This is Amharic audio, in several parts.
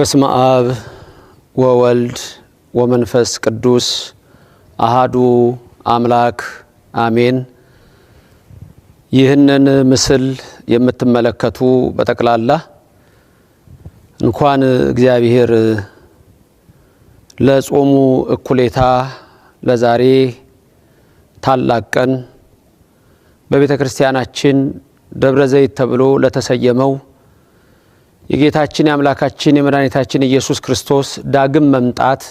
በስመ አብ ወወልድ ወመንፈስ ቅዱስ አሃዱ አምላክ አሜን። ይህንን ምስል የምትመለከቱ በጠቅላላ እንኳን እግዚአብሔር ለጾሙ እኩሌታ ለዛሬ ታላቅ ቀን በቤተ ክርስቲያናችን ደብረ ዘይት ተብሎ ለተሰየመው የጌታችን የአምላካችን የመድኃኒታችን ኢየሱስ ክርስቶስ ዳግም መምጣት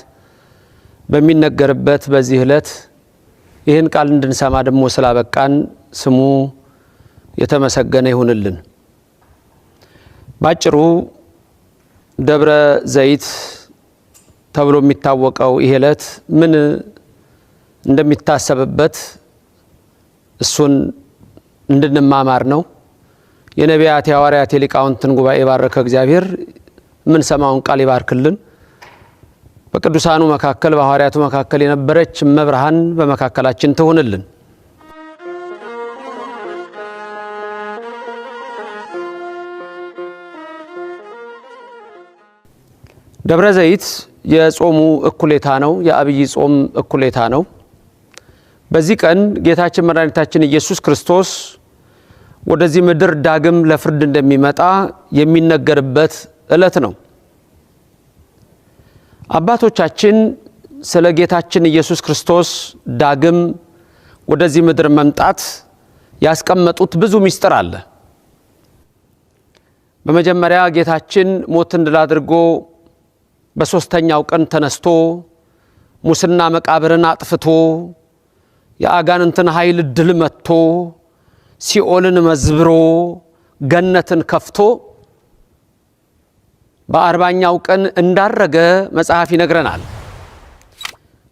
በሚነገርበት በዚህ ዕለት ይህን ቃል እንድንሰማ ደግሞ ስላበቃን ስሙ የተመሰገነ ይሁንልን። ባጭሩ ደብረ ዘይት ተብሎ የሚታወቀው ይህ ዕለት ምን እንደሚታሰብበት እሱን እንድንማማር ነው። የነቢያት የሐዋርያት የሊቃውንትን ጉባኤ የባረከ እግዚአብሔር ሰማውን ቃል ይባርክልን። በቅዱሳኑ መካከል በሐዋርያቱ መካከል የነበረች መብርሃን በመካከላችን ትሁንልን። ደብረ ዘይት የጾሙ እኩሌታ ነው። የአብይ ጾም እኩሌታ ነው። በዚህ ቀን ጌታችን መድኃኒታችን ኢየሱስ ክርስቶስ ወደዚህ ምድር ዳግም ለፍርድ እንደሚመጣ የሚነገርበት ዕለት ነው። አባቶቻችን ስለ ጌታችን ኢየሱስ ክርስቶስ ዳግም ወደዚህ ምድር መምጣት ያስቀመጡት ብዙ ምስጢር አለ። በመጀመሪያ ጌታችን ሞትን ድል አድርጎ በሦስተኛው ቀን ተነስቶ ሙስና መቃብርን አጥፍቶ የአጋንንትን ኃይል ድል መትቶ ሲኦልን መዝብሮ ገነትን ከፍቶ በአርባኛው ቀን እንዳረገ መጽሐፍ ይነግረናል።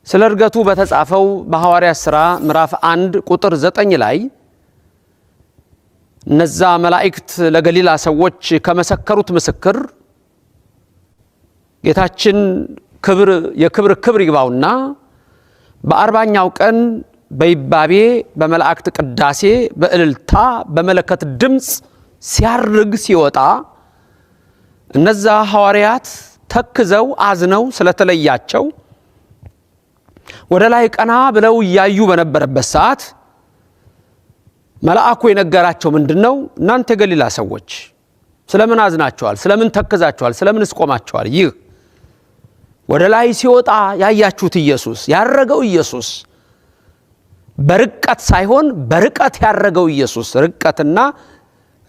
ስለ እርገቱ በተጻፈው በሐዋርያት ሥራ ምዕራፍ አንድ ቁጥር ዘጠኝ ላይ እነዛ መላእክት ለገሊላ ሰዎች ከመሰከሩት ምስክር ጌታችን ክብር የክብር ክብር ይግባውና በአርባኛው ቀን በይባቤ በመላእክት ቅዳሴ በእልልታ በመለከት ድምፅ ሲያርግ ሲወጣ እነዛ ሐዋርያት ተክዘው አዝነው ስለተለያቸው ወደ ላይ ቀና ብለው እያዩ በነበረበት ሰዓት መልአኩ የነገራቸው ምንድን ነው? እናንተ የገሊላ ሰዎች ስለምን አዝናችኋል? ስለምን ተክዛችኋል? ስለምን እስቆማችኋል? ይህ ወደ ላይ ሲወጣ ያያችሁት ኢየሱስ ያረገው ኢየሱስ በርቀት ሳይሆን በርቀት ያረገው ኢየሱስ ርቀትና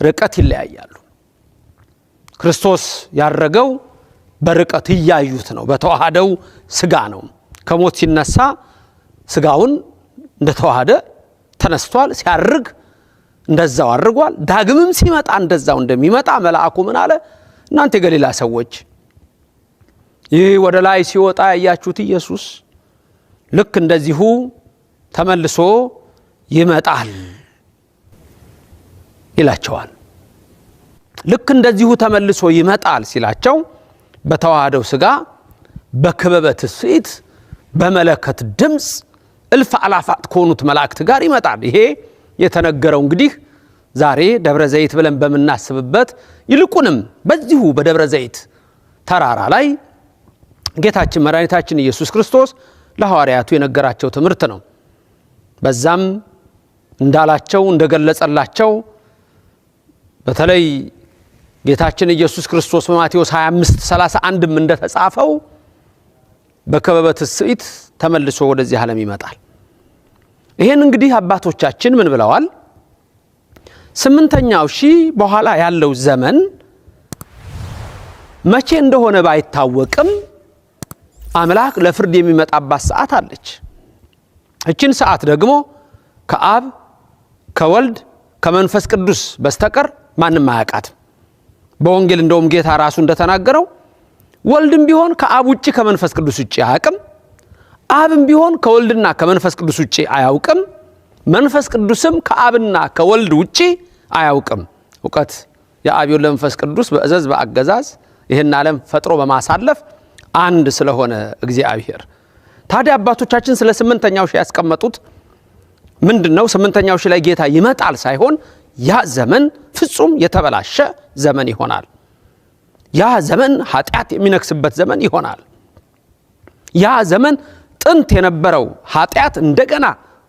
ርቀት ይለያያሉ። ክርስቶስ ያረገው በርቀት እያዩት ነው። በተዋሃደው ስጋ ነው። ከሞት ሲነሳ ስጋውን እንደተዋሃደ ተነስቷል። ሲያርግ እንደዛው አድርጓል። ዳግምም ሲመጣ እንደዛው እንደሚመጣ መልአኩ ምን አለ? እናንተ የገሊላ ሰዎች ይህ ወደ ላይ ሲወጣ ያያችሁት ኢየሱስ ልክ እንደዚሁ ተመልሶ ይመጣል ይላቸዋል። ልክ እንደዚሁ ተመልሶ ይመጣል ሲላቸው በተዋህደው ስጋ በክበበ ትስብእት በመለከት ድምፅ እልፍ አላፋት ከሆኑት መላእክት ጋር ይመጣል። ይሄ የተነገረው እንግዲህ ዛሬ ደብረ ዘይት ብለን በምናስብበት ይልቁንም በዚሁ በደብረ ዘይት ተራራ ላይ ጌታችን መድኃኒታችን ኢየሱስ ክርስቶስ ለሐዋርያቱ የነገራቸው ትምህርት ነው። በዛም እንዳላቸው እንደገለጸላቸው በተለይ ጌታችን ኢየሱስ ክርስቶስ በማቴዎስ 25 31ም እንደተጻፈው በከበበ ትስብእት ተመልሶ ወደዚህ ዓለም ይመጣል። ይህን እንግዲህ አባቶቻችን ምን ብለዋል? ስምንተኛው ሺህ በኋላ ያለው ዘመን መቼ እንደሆነ ባይታወቅም አምላክ ለፍርድ የሚመጣባት ሰዓት አለች። እችን ሰዓት ደግሞ ከአብ ከወልድ ከመንፈስ ቅዱስ በስተቀር ማንም አያቃት በወንጌል እንደውም ጌታ ራሱ እንደተናገረው ወልድም ቢሆን ከአብ ውጭ ከመንፈስ ቅዱስ ውጭ አያውቅም፣ አብም ቢሆን ከወልድና ከመንፈስ ቅዱስ ውጭ አያውቅም፣ መንፈስ ቅዱስም ከአብና ከወልድ ውጭ አያውቅም። እውቀት የአብዮን ለመንፈስ ቅዱስ በእዘዝ በአገዛዝ ይህን ዓለም ፈጥሮ በማሳለፍ አንድ ስለሆነ እግዚአብሔር ታዲያ አባቶቻችን ስለ ስምንተኛው ሺህ ያስቀመጡት ምንድን ነው? ስምንተኛው ሺህ ላይ ጌታ ይመጣል ሳይሆን ያ ዘመን ፍጹም የተበላሸ ዘመን ይሆናል። ያ ዘመን ኃጢአት የሚነክስበት ዘመን ይሆናል። ያ ዘመን ጥንት የነበረው ኃጢአት እንደገና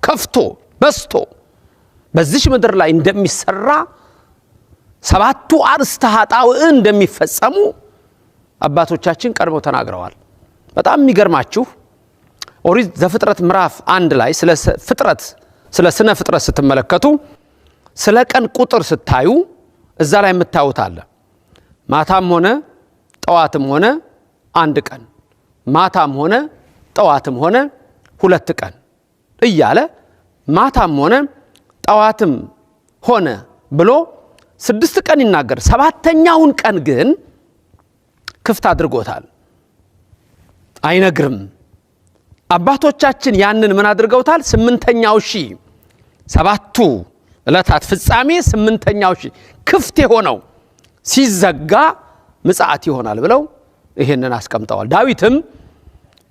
ከፍቶ በስቶ በዚች ምድር ላይ እንደሚሰራ ሰባቱ አርእስተ ኃጣውእ እንደሚፈጸሙ አባቶቻችን ቀድመው ተናግረዋል። በጣም የሚገርማችሁ ኦሪት ዘፍጥረት ምዕራፍ አንድ ላይ ስለ ፍጥረት ስለ ስነ ፍጥረት ስትመለከቱ ስለ ቀን ቁጥር ስታዩ እዛ ላይ የምታዩት አለ። ማታም ሆነ ጠዋትም ሆነ አንድ ቀን፣ ማታም ሆነ ጠዋትም ሆነ ሁለት ቀን እያለ ማታም ሆነ ጠዋትም ሆነ ብሎ ስድስት ቀን ይናገር። ሰባተኛውን ቀን ግን ክፍት አድርጎታል፣ አይነግርም። አባቶቻችን ያንን ምን አድርገውታል? ስምንተኛው ሺ ሰባቱ ዕለታት ፍጻሜ ስምንተኛው ሺህ ክፍት የሆነው ሲዘጋ ምጽአት ይሆናል ብለው ይህንን አስቀምጠዋል። ዳዊትም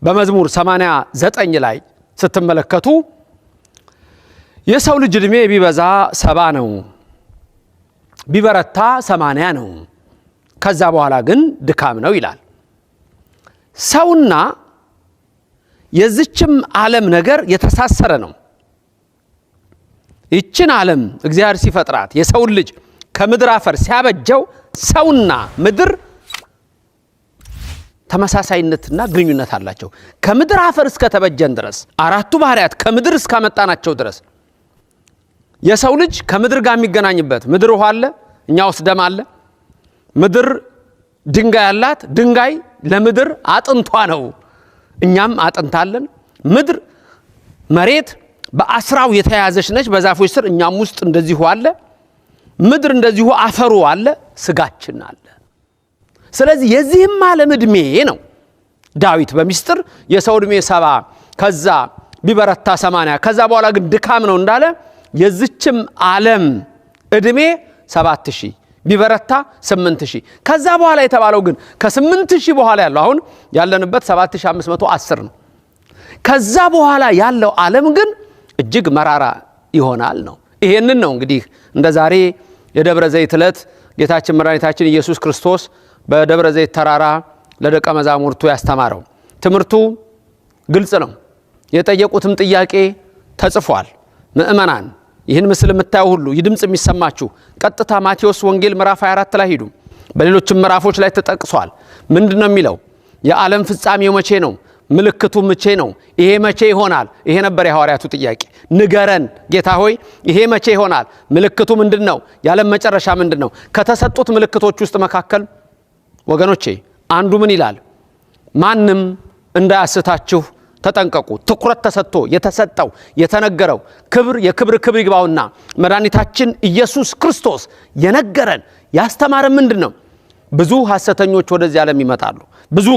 በመዝሙር 89 ላይ ስትመለከቱ የሰው ልጅ ዕድሜ ቢበዛ ሰባ ነው፣ ቢበረታ ሰማንያ ነው፣ ከዛ በኋላ ግን ድካም ነው ይላል ሰውና የዚችም ዓለም ነገር የተሳሰረ ነው። ይችን ዓለም እግዚአብሔር ሲፈጥራት የሰውን ልጅ ከምድር አፈር ሲያበጀው ሰውና ምድር ተመሳሳይነትና ግንኙነት አላቸው። ከምድር አፈር እስከተበጀን ድረስ አራቱ ባህርያት ከምድር እስካመጣናቸው ድረስ የሰው ልጅ ከምድር ጋር የሚገናኝበት ምድር ውሃ አለ፣ እኛ ውስጥ ደም አለ። ምድር ድንጋይ አላት። ድንጋይ ለምድር አጥንቷ ነው። እኛም አጥንታለን። ምድር መሬት በአስራው የተያዘች ነች። በዛፎች ስር እኛም ውስጥ እንደዚሁ አለ። ምድር እንደዚሁ አፈሩ አለ፣ ስጋችን አለ። ስለዚህ የዚህም ዓለም ዕድሜ ነው። ዳዊት በሚስጥር የሰው ዕድሜ ሰባ ከዛ ቢበረታ ሰማንያ ከዛ በኋላ ግን ድካም ነው እንዳለ የዚችም ዓለም ዕድሜ ሰባት ሺህ ቢበረታ 8000 ከዛ በኋላ የተባለው ግን ከ8000 በኋላ ያለው አሁን ያለንበት 7510 ነው። ከዛ በኋላ ያለው ዓለም ግን እጅግ መራራ ይሆናል ነው። ይሄንን ነው እንግዲህ እንደ ዛሬ የደብረ ዘይት ዕለት ጌታችን መድኃኒታችን ኢየሱስ ክርስቶስ በደብረ ዘይት ተራራ ለደቀ መዛሙርቱ ያስተማረው ትምህርቱ ግልጽ ነው። የጠየቁትም ጥያቄ ተጽፏል። ምእመናን ይህን ምስል የምታየው ሁሉ ይህ ድምፅ የሚሰማችሁ ቀጥታ ማቴዎስ ወንጌል ምዕራፍ 24 ላይ ሂዱ። በሌሎችም ምዕራፎች ላይ ተጠቅሷል። ምንድን ነው የሚለው? የዓለም ፍጻሜው መቼ ነው? ምልክቱ መቼ ነው? ይሄ መቼ ይሆናል? ይሄ ነበር የሐዋርያቱ ጥያቄ። ንገረን ጌታ ሆይ፣ ይሄ መቼ ይሆናል? ምልክቱ ምንድን ነው? የዓለም መጨረሻ ምንድን ነው? ከተሰጡት ምልክቶች ውስጥ መካከል ወገኖቼ አንዱ ምን ይላል? ማንም እንዳያስታችሁ ተጠንቀቁ። ትኩረት ተሰጥቶ የተሰጠው የተነገረው ክብር የክብር ክብር ይግባውና መድኃኒታችን ኢየሱስ ክርስቶስ የነገረን ያስተማረ ምንድን ነው? ብዙ ሐሰተኞች ወደዚህ ዓለም ይመጣሉ። ብዙ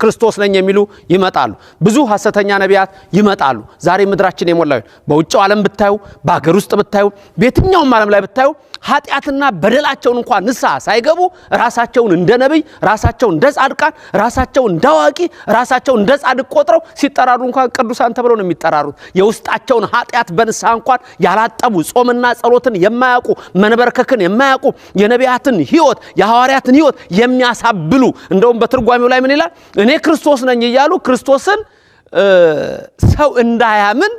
ክርስቶስ ነኝ የሚሉ ይመጣሉ። ብዙ ሐሰተኛ ነቢያት ይመጣሉ። ዛሬ ምድራችን የሞላ በውጭው ዓለም ብታዩ፣ በሀገር ውስጥ ብታዩ፣ በየትኛውም ዓለም ላይ ብታዩ ኃጢአትና በደላቸውን እንኳ ንስሐ ሳይገቡ ራሳቸውን እንደ ነቢይ፣ ራሳቸውን እንደ ጻድቃን፣ ራሳቸውን እንደ አዋቂ፣ ራሳቸውን እንደ ጻድቅ ቆጥረው ሲጠራሩ እንኳን ቅዱሳን ተብለው ነው የሚጠራሩት። የውስጣቸውን ኃጢአት በንስሐ እንኳን ያላጠቡ ጾምና ጸሎትን የማያውቁ መንበርከክን የማያውቁ የነቢያትን ሕይወት የሐዋርያትን ሕይወት የሚያሳብሉ እንደውም በትርጓሚው ላይ ምን ይላል? እኔ ክርስቶስ ነኝ እያሉ ክርስቶስን ሰው እንዳያምን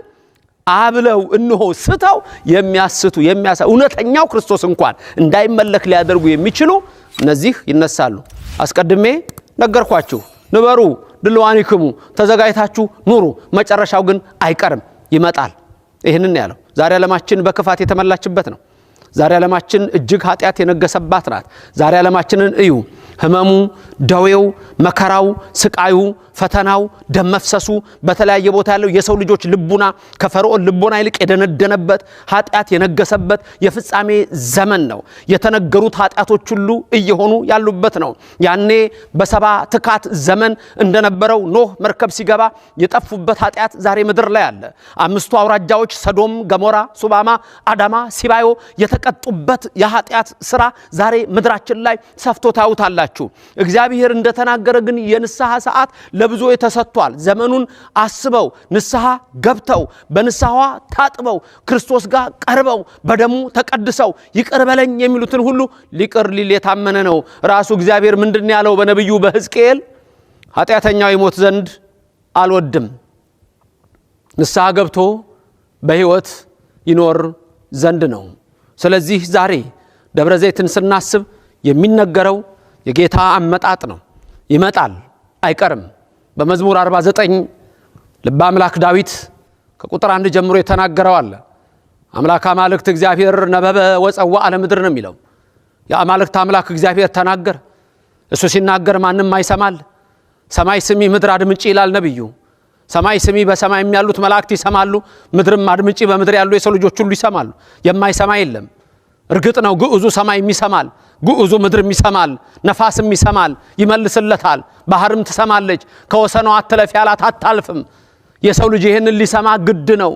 አብለው እንሆ ስተው የሚያስቱ የሚያሳ እውነተኛው ክርስቶስ እንኳን እንዳይመለክ ሊያደርጉ የሚችሉ እነዚህ ይነሳሉ። አስቀድሜ ነገርኳችሁ። ንበሩ ድልዋኒክሙ ተዘጋጅታችሁ ኑሩ፣ መጨረሻው ግን አይቀርም ይመጣል። ይህንን ያለው ዛሬ ዓለማችን በክፋት የተመላችበት ነው። ዛሬ ዓለማችን እጅግ ኃጢአት የነገሰባት ናት። ዛሬ ዓለማችንን እዩ። ህመሙ ደዌው፣ መከራው፣ ስቃዩ፣ ፈተናው፣ ደም መፍሰሱ በተለያየ ቦታ ያለው የሰው ልጆች ልቡና ከፈርዖን ልቦና ይልቅ የደነደነበት ኃጢአት የነገሰበት የፍጻሜ ዘመን ነው። የተነገሩት ኃጢአቶች ሁሉ እየሆኑ ያሉበት ነው። ያኔ በሰባ ትካት ዘመን እንደነበረው ኖህ መርከብ ሲገባ የጠፉበት ኃጢአት ዛሬ ምድር ላይ አለ። አምስቱ አውራጃዎች ሰዶም፣ ገሞራ፣ ሱባማ፣ አዳማ፣ ሲባዮ የተቀጡበት የኃጢአት ስራ ዛሬ ምድራችን ላይ ሰፍቶ ታዩታላችሁ። እግዚአብሔር እንደተናገረ ግን የንስሐ ሰዓት ለብዙ ተሰጥቷል። ዘመኑን አስበው ንስሐ ገብተው በንስሐዋ ታጥበው ክርስቶስ ጋር ቀርበው በደሙ ተቀድሰው ይቅር በለኝ የሚሉትን ሁሉ ሊቅር ሊል የታመነ ነው። ራሱ እግዚአብሔር ምንድን ያለው በነቢዩ በሕዝቅኤል ኃጢአተኛው ይሞት ዘንድ አልወድም ንስሐ ገብቶ በሕይወት ይኖር ዘንድ ነው። ስለዚህ ዛሬ ደብረ ዘይትን ስናስብ የሚነገረው የጌታ አመጣጥ ነው። ይመጣል፣ አይቀርም። በመዝሙር 49 ልበ አምላክ ዳዊት ከቁጥር አንድ ጀምሮ የተናገረው አለ። አምላክ አማልክት እግዚአብሔር ነበበ ወፀዋ አለ ምድር ነው የሚለው። የአማልክት አምላክ እግዚአብሔር ተናገር። እሱ ሲናገር ማንም አይሰማል። ሰማይ ስሚ ምድር አድምጪ ይላል ነቢዩ። ሰማይ ስሚ፣ በሰማይ ያሉት መላእክት ይሰማሉ። ምድርም አድምጪ፣ በምድር ያሉ የሰው ልጆች ሁሉ ይሰማሉ። የማይሰማ የለም። እርግጥ ነው ግዕዙ ሰማይም ይሰማል፣ ግዕዙ ምድርም ይሰማል፣ ነፋስም ይሰማል፣ ይመልስለታል። ባህርም ትሰማለች። ከወሰኗ አትለፊ ያላት አታልፍም። የሰው ልጅ ይህንን ሊሰማ ግድ ነው።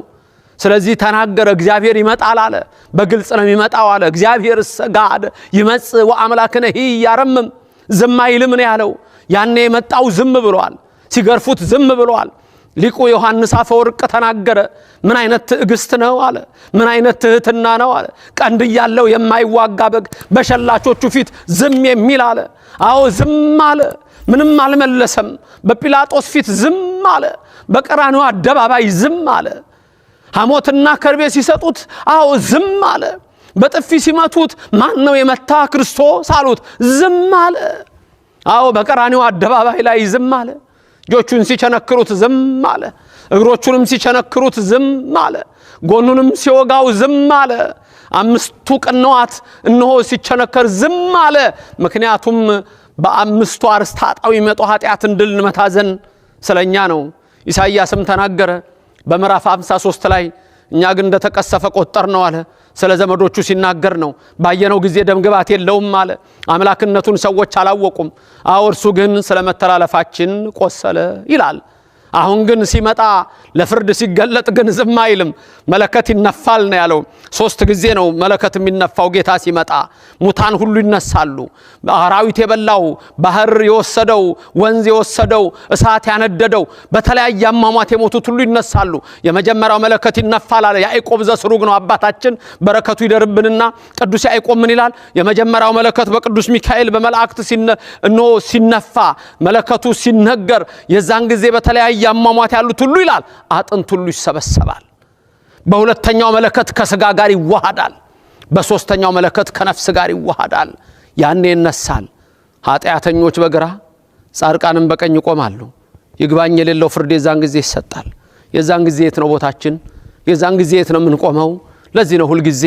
ስለዚህ ተናገረ። እግዚአብሔር ይመጣል አለ። በግልጽ ነው የሚመጣው አለ። እግዚአብሔር ሰጋድ ይመጽ ወአምላክነ ይህ እያረምም ዝም አይልም ነው ያለው። ያኔ የመጣው ዝም ብሏል። ሲገርፉት ዝም ብሏል። ሊቁ ዮሐንስ አፈወርቅ ተናገረ። ምን አይነት ትዕግስት ነው አለ። ምን አይነት ትህትና ነው አለ። ቀንድ ያለው የማይዋጋ በግ በሸላቾቹ ፊት ዝም የሚል አለ። አዎ ዝም አለ። ምንም አልመለሰም። በጲላጦስ ፊት ዝም አለ። በቀራንዮ አደባባይ ዝም አለ። ሐሞትና ከርቤ ሲሰጡት፣ አዎ ዝም አለ። በጥፊ ሲመቱት፣ ማን ነው የመታ ክርስቶስ አሉት። ዝም አለ። አዎ በቀራንዮ አደባባይ ላይ ዝም አለ። እጆቹን ሲቸነክሩት ዝም አለ። እግሮቹንም ሲቸነክሩት ዝም አለ። ጎኑንም ሲወጋው ዝም አለ። አምስቱ ቅንዋት እነሆ ሲቸነከር ዝም አለ። ምክንያቱም በአምስቱ አርስተ ኃጣውእ ይመጡ ኃጢአትን ድል መታዘን ስለኛ ነው። ኢሳይያስም ተናገረ በምዕራፍ 53 ላይ እኛ ግን እንደተቀሰፈ ቆጠር ነው አለ። ስለ ዘመዶቹ ሲናገር ነው። ባየነው ጊዜ ደምግባት የለውም አለ። አምላክነቱን ሰዎች አላወቁም። አዎ እርሱ ግን ስለ መተላለፋችን ቆሰለ ይላል። አሁን ግን ሲመጣ ለፍርድ ሲገለጥ ግን ዝም አይልም፣ መለከት ይነፋል ነው ያለው። ሶስት ጊዜ ነው መለከት የሚነፋው ጌታ ሲመጣ። ሙታን ሁሉ ይነሳሉ። አራዊት የበላው ባህር የወሰደው ወንዝ የወሰደው እሳት ያነደደው በተለያየ አሟሟት የሞቱት ሁሉ ይነሳሉ። የመጀመሪያው መለከት ይነፋል አለ ያዕቆብ ዘስሩግ ነው አባታችን። በረከቱ ይደርብንና ቅዱስ ያዕቆብ ምን ይላል? የመጀመሪያው መለከት በቅዱስ ሚካኤል በመላእክት ሲነፋ መለከቱ ሲነገር የዛን ጊዜ በተለያየ እያሟሟት ያሉት ሁሉ ይላል አጥንት ሁሉ ይሰበሰባል። በሁለተኛው መለከት ከስጋ ጋር ይዋሃዳል። በሶስተኛው መለከት ከነፍስ ጋር ይዋሃዳል። ያኔ ይነሳል። ኃጢአተኞች በግራ ጻድቃንም በቀኝ ይቆማሉ። ይግባኝ የሌለው ፍርድ የዛን ጊዜ ይሰጣል። የዛን ጊዜ የት ነው ቦታችን? የዛን ጊዜ የት ነው የምንቆመው? ለዚህ ነው ሁልጊዜ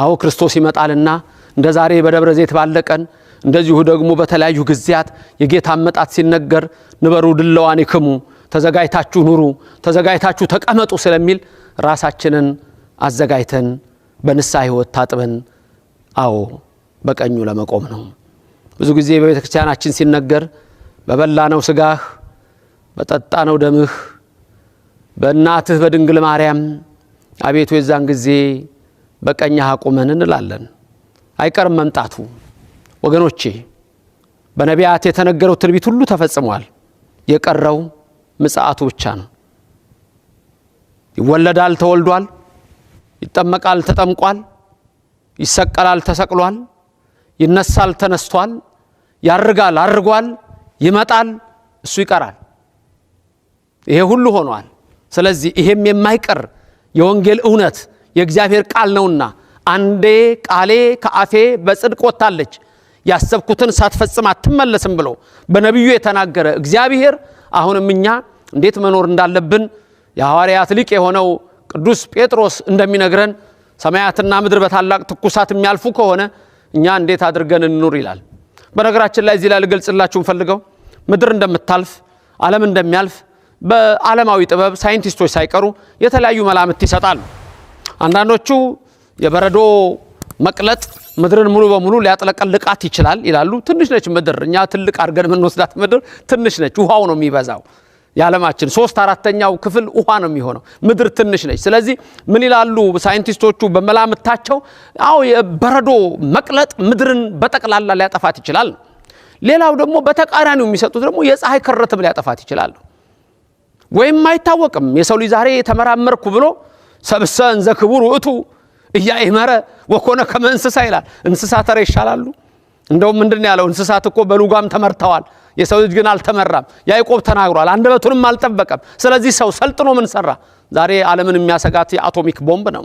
አዎ ክርስቶስ ይመጣልና እንደ ዛሬ በደብረ ዘይት ባለቀን እንደዚሁ ደግሞ በተለያዩ ጊዜያት የጌታ መጣት ሲነገር ንበሩ ድለዋን ይክሙ ተዘጋጅታችሁ ኑሩ፣ ተዘጋጅታችሁ ተቀመጡ ስለሚል ራሳችንን አዘጋጅተን በንሳ ህይወት ታጥበን አዎ በቀኙ ለመቆም ነው። ብዙ ጊዜ በቤተ ክርስቲያናችን ሲነገር በበላነው ስጋህ በጠጣነው ደምህ በእናትህ በድንግል ማርያም አቤቱ የዛን ጊዜ በቀኝህ አቁመን እንላለን። አይቀርም መምጣቱ። ወገኖቼ በነቢያት የተነገረው ትንቢት ሁሉ ተፈጽሟል። የቀረው ምጽአቱ ብቻ ነው። ይወለዳል፣ ተወልዷል። ይጠመቃል፣ ተጠምቋል። ይሰቀላል፣ ተሰቅሏል። ይነሳል፣ ተነስቷል። ያርጋል፣ አርጓል። ይመጣል፣ እሱ ይቀራል። ይሄ ሁሉ ሆኗል። ስለዚህ ይሄም የማይቀር የወንጌል እውነት የእግዚአብሔር ቃል ነውና አንዴ ቃሌ ከአፌ በጽድቅ ወጥታለች ያሰብኩትን ሳትፈጽም አትመለስም ብሎ በነቢዩ የተናገረ እግዚአብሔር አሁንም እኛ እንዴት መኖር እንዳለብን የሐዋርያት ሊቅ የሆነው ቅዱስ ጴጥሮስ እንደሚነግረን ሰማያትና ምድር በታላቅ ትኩሳት የሚያልፉ ከሆነ እኛ እንዴት አድርገን እንኑር ይላል። በነገራችን ላይ እዚህ ላይ ልገልጽላችሁ ፈልገው ምድር እንደምታልፍ ዓለም እንደሚያልፍ በዓለማዊ ጥበብ ሳይንቲስቶች ሳይቀሩ የተለያዩ መላምት ይሰጣሉ። አንዳንዶቹ የበረዶ መቅለጥ ምድርን ሙሉ በሙሉ ሊያጥለቀልቃት ይችላል ይላሉ። ትንሽ ነች ምድር። እኛ ትልቅ አድርገን የምንወስዳት ምድር ትንሽ ነች። ውሃው ነው የሚበዛው። የዓለማችን ሶስት አራተኛው ክፍል ውሃ ነው የሚሆነው። ምድር ትንሽ ነች። ስለዚህ ምን ይላሉ ሳይንቲስቶቹ በመላምታቸው? አዎ የበረዶ መቅለጥ ምድርን በጠቅላላ ሊያጠፋት ይችላል። ሌላው ደግሞ በተቃራኒው የሚሰጡት ደግሞ የፀሐይ ክረትም ሊያጠፋት ይችላል። ወይም አይታወቅም። የሰው ልጅ ዛሬ ተመራመርኩ ብሎ ሰብሰን ዘክቡር ውእቱ እያይመረ ወኮነ ከመ እንስሳ ይላል። እንስሳ ተረ ይሻላሉ። እንደውም ምንድን ያለው እንስሳት እኮ በሉጋም ተመርተዋል፣ የሰው ልጅ ግን አልተመራም። ያዕቆብ ተናግሯል፣ አንደበቱንም አልጠበቀም። ስለዚህ ሰው ሰልጥኖ ምን ሰራ? ዛሬ ዓለምን የሚያሰጋት የአቶሚክ ቦምብ ነው።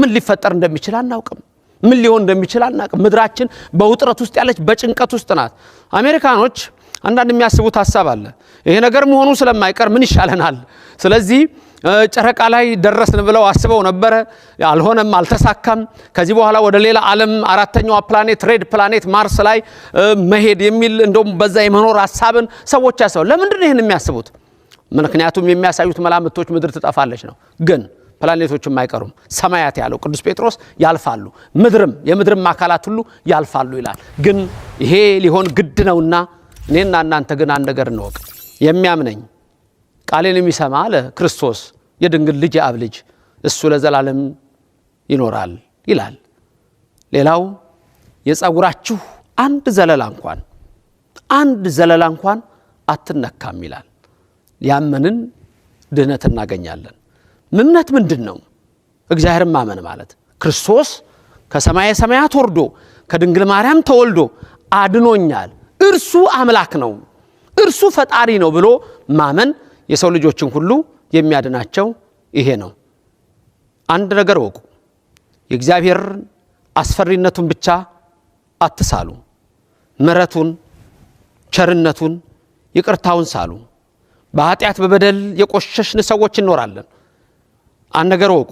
ምን ሊፈጠር እንደሚችል አናውቅም። ምን ሊሆን እንደሚችል አናውቅም። ምድራችን በውጥረት ውስጥ ያለች፣ በጭንቀት ውስጥ ናት። አሜሪካኖች አንዳንድ የሚያስቡት ሀሳብ አለ። ይሄ ነገር መሆኑ ስለማይቀር ምን ይሻለናል? ስለዚህ ጨረቃ ላይ ደረስን ብለው አስበው ነበረ። አልሆነም፣ አልተሳካም። ከዚህ በኋላ ወደ ሌላ ዓለም አራተኛዋ ፕላኔት ሬድ ፕላኔት ማርስ ላይ መሄድ የሚል እንደውም በዛ የመኖር ሀሳብን ሰዎች ያስበው። ለምንድን ነው ይህን የሚያስቡት? ምክንያቱም የሚያሳዩት መላምቶች ምድር ትጠፋለች ነው። ግን ፕላኔቶችም አይቀሩም። ሰማያት ያለው ቅዱስ ጴጥሮስ ያልፋሉ፣ ምድርም የምድርም አካላት ሁሉ ያልፋሉ ይላል። ግን ይሄ ሊሆን ግድ ነውና እኔና እናንተ ግን አንድ ነገር እንወቅ የሚያምነኝ ቃሌን የሚሰማ አለ ክርስቶስ የድንግል ልጅ የአብ ልጅ እሱ ለዘላለም ይኖራል ይላል። ሌላው የጸጉራችሁ አንድ ዘለላ እንኳን አንድ ዘለላ እንኳን አትነካም ይላል። ያመንን ድህነት እናገኛለን። እምነት ምንድን ነው? እግዚአብሔርን ማመን ማለት ክርስቶስ ከሰማየ ሰማያት ወርዶ ከድንግል ማርያም ተወልዶ አድኖኛል፣ እርሱ አምላክ ነው፣ እርሱ ፈጣሪ ነው ብሎ ማመን የሰው ልጆችን ሁሉ የሚያድናቸው ይሄ ነው። አንድ ነገር ወቁ፣ የእግዚአብሔር አስፈሪነቱን ብቻ አትሳሉ፣ ምሕረቱን፣ ቸርነቱን፣ ይቅርታውን ሳሉ። በኃጢአት በበደል የቆሸሽን ሰዎች እንኖራለን። አንድ ነገር ወቁ፣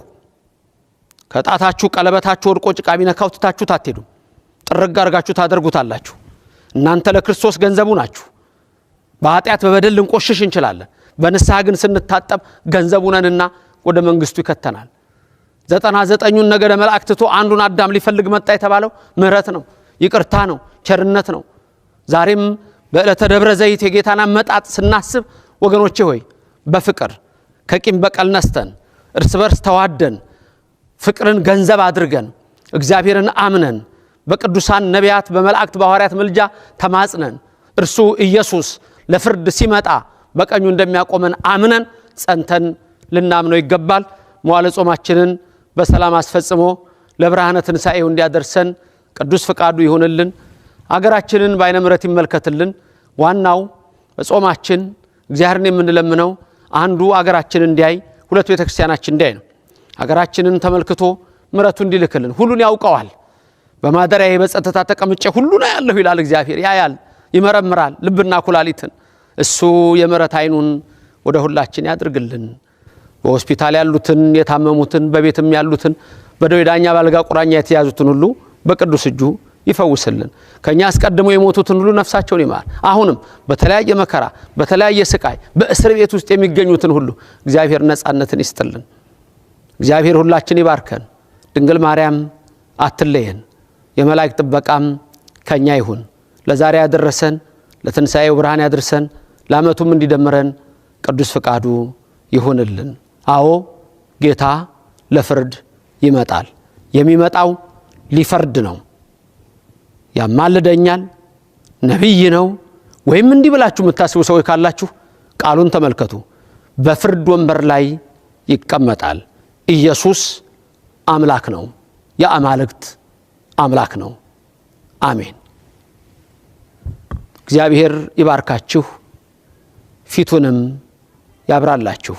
ከጣታችሁ ቀለበታችሁ ወድቆ ጭቃ ቢነካው ትታችሁ ታትሄዱ ጥርግ አርጋችሁ ታደርጉታላችሁ። እናንተ ለክርስቶስ ገንዘቡ ናችሁ። በኃጢአት በበደል ልንቆሽሽ እንችላለን። በንስሐ ግን ስንታጠብ ገንዘቡ ነንና ወደ መንግስቱ ይከተናል። ዘጠና ዘጠኙን ነገደ መላእክት ትቶ አንዱን አዳም ሊፈልግ መጣ የተባለው ምሕረት ነው፣ ይቅርታ ነው፣ ቸርነት ነው። ዛሬም በዕለተ ደብረ ዘይት የጌታን አመጣጥ ስናስብ ወገኖቼ ሆይ በፍቅር ከቂም በቀል ነስተን እርስ በርስ ተዋደን ፍቅርን ገንዘብ አድርገን እግዚአብሔርን አምነን በቅዱሳን ነቢያት፣ በመላእክት፣ በሐዋርያት ምልጃ ተማጽነን እርሱ ኢየሱስ ለፍርድ ሲመጣ በቀኙ እንደሚያቆመን አምነን ጸንተን ልናምነው ይገባል። መዋለ ጾማችንን በሰላም አስፈጽሞ ለብርሃነ ትንሣኤው እንዲያደርሰን ቅዱስ ፍቃዱ ይሁንልን። አገራችንን በዓይነ ምሕረት ይመልከትልን። ዋናው ጾማችን እግዚአብሔርን የምንለምነው አንዱ አገራችን እንዲያይ፣ ሁለቱ ቤተ ክርስቲያናችን እንዲያይ ነው። አገራችንን ተመልክቶ ምረቱ እንዲልክልን ሁሉን ያውቀዋል። በማደሪያዬ በጸጥታ ተቀምጬ ሁሉን ያለሁ ይላል እግዚአብሔር። ያያል፣ ይመረምራል ልብና ኩላሊትን እሱ የምሕረት ዓይኑን ወደ ሁላችን ያድርግልን። በሆስፒታል ያሉትን የታመሙትን፣ በቤትም ያሉትን፣ በደዌ ዳኛ ባልጋ ቁራኛ የተያዙትን ሁሉ በቅዱስ እጁ ይፈውስልን። ከእኛ አስቀድሞ የሞቱትን ሁሉ ነፍሳቸውን ይማር። አሁንም በተለያየ መከራ፣ በተለያየ ስቃይ፣ በእስር ቤት ውስጥ የሚገኙትን ሁሉ እግዚአብሔር ነፃነትን ይስጥልን። እግዚአብሔር ሁላችን ይባርከን። ድንግል ማርያም አትለየን። የመላእክት ጥበቃም ከእኛ ይሁን። ለዛሬ ያደረሰን ለትንሣኤው ብርሃን ያድርሰን። ለዓመቱም እንዲደምረን ቅዱስ ፍቃዱ ይሁንልን። አዎ ጌታ ለፍርድ ይመጣል። የሚመጣው ሊፈርድ ነው። ያማልደኛል፣ ነቢይ ነው ወይም እንዲህ ብላችሁ የምታስቡ ሰዎች ካላችሁ ቃሉን ተመልከቱ። በፍርድ ወንበር ላይ ይቀመጣል። ኢየሱስ አምላክ ነው፣ የአማልክት አምላክ ነው። አሜን። እግዚአብሔር ይባርካችሁ። ፊቱንም ያብራላችሁ